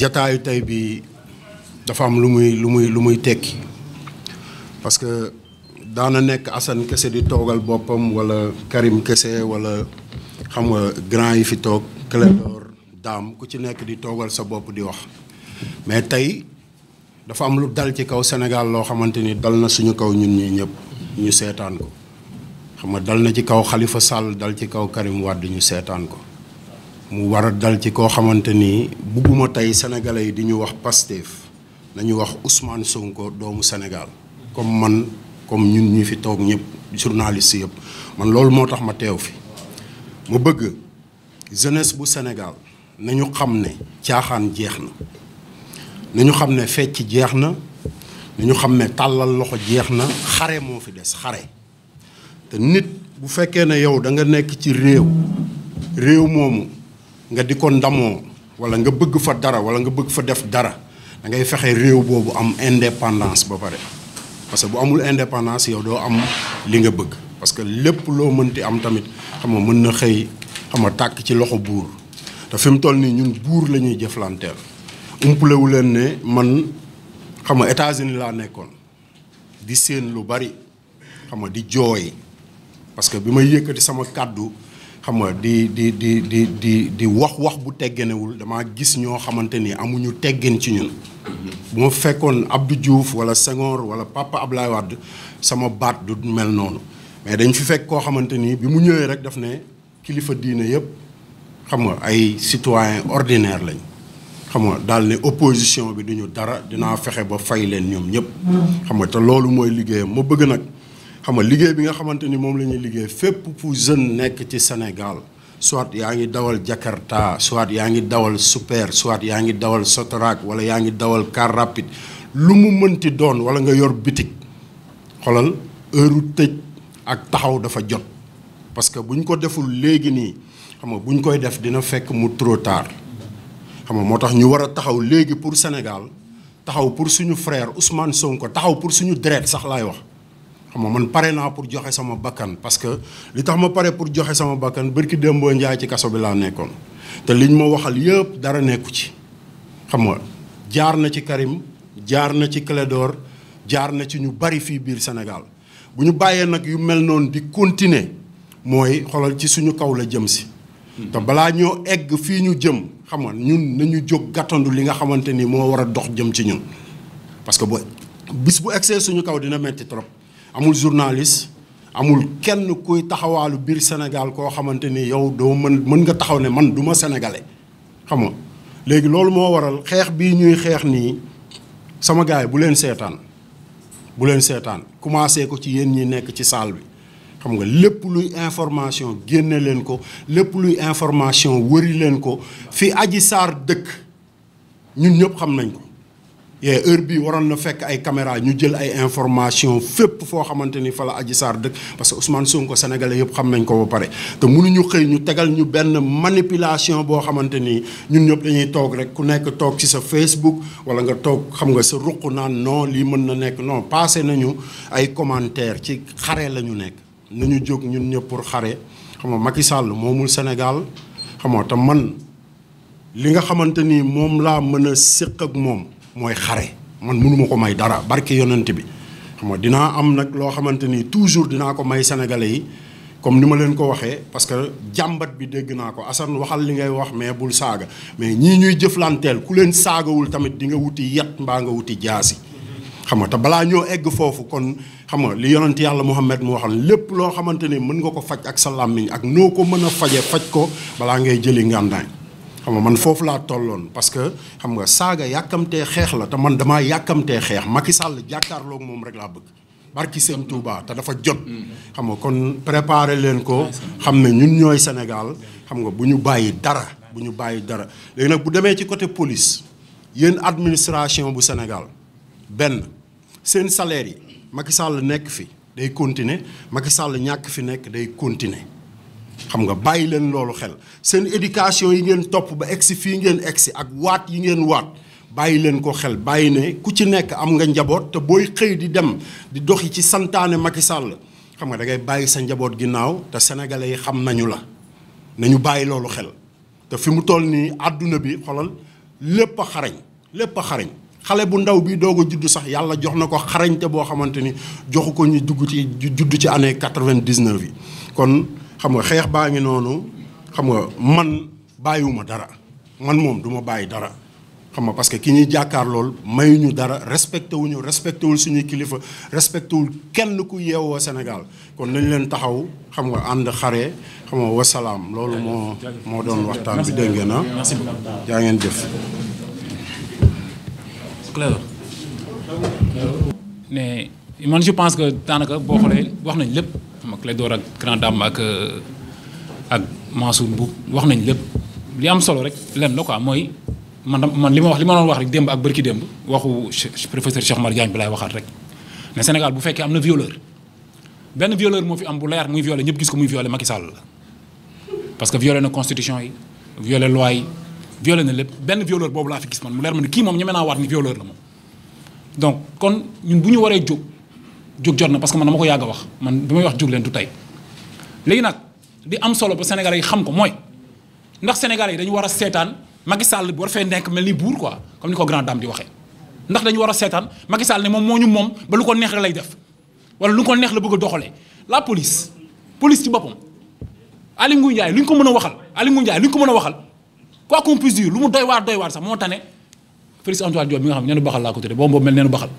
jataayu tey bii dafa am lu muy lu muy lu muy tekki parce que daana nekk Assane kese di toogal boppam wala Karim kese wala xam nga grand yi fi toog Clédor daam ku ci nekk di toogal sa bopp di wax mais tey dafa am lu dal ci kaw Sénégal loo xamante ni dal na suñu kaw ñun ñi ñëpp ñu seetaan ko xam nga dal na ci kaw xalifa Sall dal ci kaw Karim Wade ñu seetaan ko mu war a dal ci koo xamante ni bugguma tey sénégalais yi di ñu wax Pastef nañu wax Ousmane Sonko doomu senegal comme man comme ñun ñu fi toog ñëpp journaliste yëpp man loolu moo tax ma teew fi mu bëgg jeunesse bu Sénégal nañu xam ne caaxaan jeex na nañu xam ne fecc jeex na nañu xam ne tàllal loxo jeex na xare moo fi des xare te nit bu fekkee ne yow da nga nekk ci réew réew moomu nga di ko ndamoo wala nga bëgg fa dara wala nga bëgg fa def dara da ngay fexe réew boobu am indépendance ba pare parce que bu amul indépendance yow doo am li nga bëgg parce que lépp loo mën ti am tamit xam nga mën na xëy xam nga tàkk ci loxo buur te fi mu toll nii ñun buur la ñuy jëflanteel umpalewu leen ne man xam nga États-Unis laa nekkoon di séen lu bari xam nga di jooy parce que bi may yëkkati sama kàddu xam nga di di di di di di wax wax bu teggenewul damaa gis ñoo xamante ni amuñu teggin ci ñun. Mm-hmm. bu ma fekkoon Abdou Diouf wala sengoor wala Papa Ablaye wàdd sama baat du mel noonu mais dañ fi fekk koo xamante ni bi mu ñëwee rek daf ne kilifa diine yëpp xam nga ay citoyen ordinaire lañ. xam nga daal ne opposition bi duñu dara dinaa fexe ba fay leen ñoom ñëpp. Mm-hmm. xam nga te loolu mooy liggéeyam ma bëgg nag. xam nga liggéey bi nga xamante ni moom la ñuy liggéey fépp fu jeune nekk ci Sénégal soit yaa ngi dawal Jakarta soit yaa ngi dawal Super soit yaa ngi dawal Sotrac wala yaa ngi dawal car rapide lu mu mënti doon wala nga yor bitig xolal heure tëj ak taxaw dafa jot parce que bu ko deful léegi nii xam nga bu koy def dina fekk mu trop tard xam nga moo tax ñu war a taxaw léegi pour Sénégal taxaw pour suñu frère Ousmane Sonko taxaw pour suñu deret sax laay wax xam nga man pare naa pour joxe sama bakkan parce que li tax ma pare pour joxe sama bakkan bërki démboo njaay ci kaso bi laa nekkoon te liñ ma waxal yëpp dara nekku ci xam nga jaar na ci Karim jaar na ci Clédor jaar na ci ñu bari fii biir Sénégal bu ñu bàyyee nag yu mel noonu di continuer mooy xoolal ci suñu kaw la jëm si te balaa ñoo egg fii ñu jëm xamoon nga ñun nañu jóg gàttandu li nga xamante ni moo war a dox jëm ci ñun parce que bu bis bu egsee suñu kaw dina metti trop amul journaliste amul kenn kuy taxawaalu biir Sénégal koo xamante ni yow doo mën mën nga taxaw ne man duma ma sénégalais xam nga léegi loolu moo waral xeex bii ñuy xeex nii sama gars yi bu leen seetaan bu leen seetaan commencé ko ci yéen ñi nekk ci salle bi xam nga lépp luy information génne leen ko lépp luy information wëri leen ko fi Adji Sarr dëkk ñun ñëpp xam nañ ko yee heure bii waroon na fekk ay caméra ñu jël ay information fépp foo xamante ni fa la Adji Sarr dëkk parce que Ousmane Sonko sénégalais yëpp xam nañ ko ba pare te ñu xëy ñu tegal ñu benn manipulation boo xamante ni ñun ñëpp dañuy toog rek ku nekk toog ci sa Facebook wala nga toog xam nga sa ruq naan non lii mën na nekk non passé nañu ay commentaire ci xare la ñu nekk nañu jóg ñun ñëpp pour xare xam nga Macky Sall moomul Sénégal xam nga te man li nga xamante ni moom laa mën a séq ak moom mooy xare man mënuma ko may dara barke yonent bi xam nga dinaa am nag loo xamante ni toujours dinaa ko may sénégalais yi comme ni ma leen ko waxee parce que jàmbat bi dégg naa ko Assane waxal li ngay wax mais bul saaga mais ñii ñuy jëflanteel ku leen saagawul tamit di nga wuti yet mbaa nga wuti jaasi. xam nga te balaa ñoo egg foofu kon xam nga li yonent yàlla Muhammad mu waxal lépp loo xamante ni mën nga ko faj ak sa làmmiñ ak noo ko mën a faje faj ko balaa ngay jëli ngàndaañ xam nga man foofu laa tolloon parce que xam nga saaga yàkkamtee xeex la te man damaa yàkkamtee xeex Macky sàll jàkkaarlook moom rek laa bëgg barki seen Touba te dafa jot. xam nga kon préparer leen ko xam ne ñun ñooy Sénégal xam nga bu ñu bàyyi dara bu ñu bàyyi dara léegi nag bu demee ci côté police yéen administration bu Sénégal benn seen salaire yi Macky sàll nekk fi day continuer Macky Sall ñàkk fi nekk day continuer. xam nga bàyyi leen loolu xel seen éducation yi ngeen topp ba egsi fii ngeen egsi ak waat yi ngeen waat bàyyi leen ko xel bàyyi ne ku ci nekk am nga njaboot te booy xëy di dem di doxi ci santaane Macky Sall xam nga bàyyi sa njaboot ginnaaw te sénégalais yi xam nañu la nañu bàyyi loolu xel te fi mu toll nii àdduna bi xolal lépp a xarañ lépp a xarañ xale bu ndaw bi doog a judd sax yàlla jox na ko xarañte boo xamante ni joxu ko ñu dugg ci juddu ci année quatre-vingt-dix-neuf yi xam nga xeex baa ngi noonu xam nga man bàyyiwuma dara man moom du ma bàyyi dara xam nga parce que ki ñuy jàkkaar lool mayuñu dara respecté wuñu respecté wul suñuy kilifa respecté wul kenn ku yeewoo Sénégal kon nañ leen taxaw xam nga ànd xare xam nga wasalaam loolu moo doon waxtaan bi dégg na ah? jaa ngeen jëf clair mais man je pense que daanaka boo xoolee wax nañ lépp Clédor ak Grand Dame ak euh, ak Mansour Mboub wax nañ lépp li am solo rek lenn la am mooy man man li ma wax li ma doon wax rek démb ak bërki démb waxu professeur Cheikh Omar Diagne bi laay waxaat rek ne Sénégal bu fekkee am na violeur benn violeur moo fi am bu leer muy violé ñëpp gis ko muy violé Macky Sall la parce que violé na constitution yi violé loi yi violé na lépp benn violeur boobu laa fi gis man mu leer ma ne kii moom ñeme naa waat ni violeur la jug jot na parce que man dama ko yàgg a wax man bi may wax jug leen du tey léegi nag di am solo ba Sénégalais yi xam ko mooy ndax Sénégalais yi dañu war a seetaan Macky Sall bu war nekk mel ni buur quoi comme ni ko grand dame di waxee ndax dañu war a seetaan Macky Sall moom moo ñu moom ba lu ko neex lay def wala lu ko neex la bëgg a doxalee la police police ci boppam Aly Ngouille Ndiaye lu ñu ko mën a waxal Aly Ngouille Ndiaye lu ñu ko mën a waxal quoi qu'on puisse dire lu mu doy waar doy waar sax moo tane Félix Antoine Diop bi nga xam ne neenu baxal laa ko tuddee boobu boobu mel neenu baxal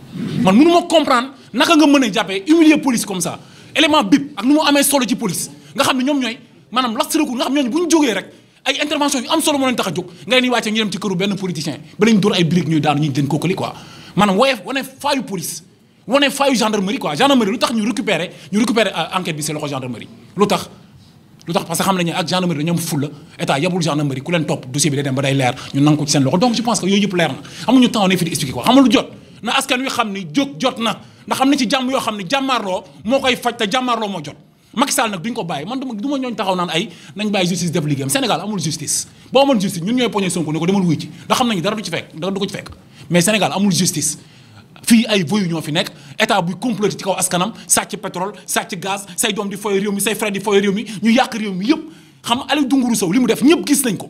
man mënu ma comprendre naka nga mën a jàppee police comme ça élément bip ak nu amee solo ci police nga xam ne ñoom ñooy maanaam lastraku nga xam ñooñu bu ñu jógee rek ay intervention yu am solo moo leen tax a jóg nga leen di wàcce ñu dem ci këru benn politicien ba lañ dóor ay briques ñuy daanu ñu leen kookali quoi maanaam woyee faayu police wane faayu gendarmerie lu tax parce que xam nañu ak gendarmerie dañu am fulla état yabul gendarmerie ku leen moo koy faj te jàmmaarloo moo jot Macky Sall nag duñ ko bàyyi man du ma ñooñ taxaw naan ay nañ bàyyi justice def Sénégal amul justice boo amul justice ñun ñooy poñe Sonko ne ko demal wuy ci nañu dara du ci dara du ko ci mais Sénégal amul justice fii ay voyous ñoo fi nekk état buy comploter ci kaw askanam sàcc pétrole sàcc gaz say doom di foye réew mi say frère di foye réew mi ñu yàq réew mi yëpp xam Aliou Dunguru Sow li mu def ñëpp gis nañ ko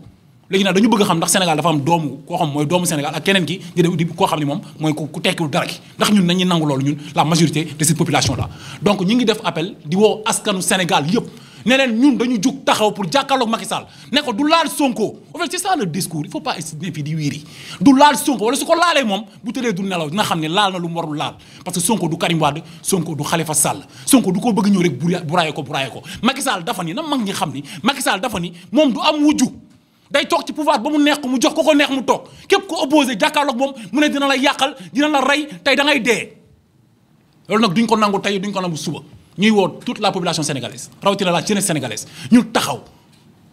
léegi nag dañu bëgg xam ndax Sénégal dafa am doomu koo xam mooy doomu Sénégal ak keneen ki di di koo xam ne moom mooy ku tekkiwul dara ki ndax ñun nañuy nangu loolu ñun la majorité de cette population là donc ñi ngi def appel di woo askanu Sénégal yëpp ne ñun dañu jug taxaw pour jàkkaarloog Macky Sall ne du laal Sonko en fait c'est ça le discours il faut pas ne fii di wiiri du laal Sonko wala su ko laalee moom bu tëddee du nelaw na xam ne laal na lu mu warul laal parce que Sonko du Karim Wade Sonko du Khalifa Sall Sonko du ko bëgg ñëw rek buraaye ko buraaye ko Macky Sall dafa ni na mag ñi xam ni Macky Sall dafa ni moom du am wujju day toog ci pouvoir ba mu neex ko mu jox ko ko neex mu toog képp ko opposé jàkkaarloog moom mu ne dina la yàqal dina la rey tey da ngay dee loolu nag duñ ko nangu tey duñ ko nangu suba ñuy woo tout la population sénégalaise rawatina la jeunesse sénégalaise ñu taxaw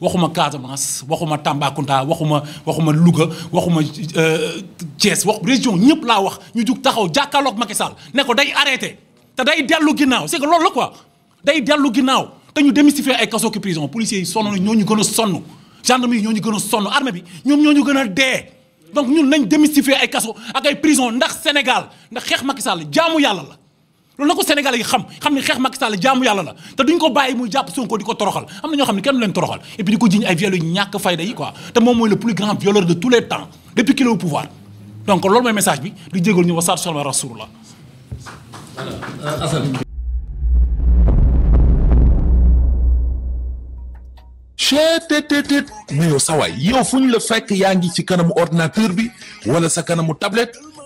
waxuma Casamance waxuma Tambacounda waxuma waxuma Louga waxuma euh, Thiès wax région ñëpp laa wax ñu jug taxaw jàkkaalook Macky Sall ne ko day arrêté te day dellu ginnaaw c'est que loolu la quoi day dellu ginnaaw te ñu démystifier ay kaso ki prison policiers yi sonn ñoo ñu gën a sonn gendarmerie ñoo ñu gën a sonn ñoom ñoo ñu gën a dee. donc ñun nañ démystifier ay kaso ak ay prison ndax Sénégal ndax xeex Macky Sall jaamu yàlla la. loolu na ko sénégalais yi xam xam ne xeex Macky Sall jaamu yàlla la te duñ ko bàyyi muy jàpp Sonko di ko toroxal am na ñoo xam ne kenn du leen toroxal et puis di ko jiñ ay viol yu ñàkk fayda yi quoi te moom mooy le plus grand violeur de tous les temps depuis qu'il est au pouvoir donc loolu mooy message bi di jégal ñu wasaatu salma rasulullah chetttt yow sawaay la fekk yaa ngi ci kanamu ordinateur bi wala sa kanamu tablette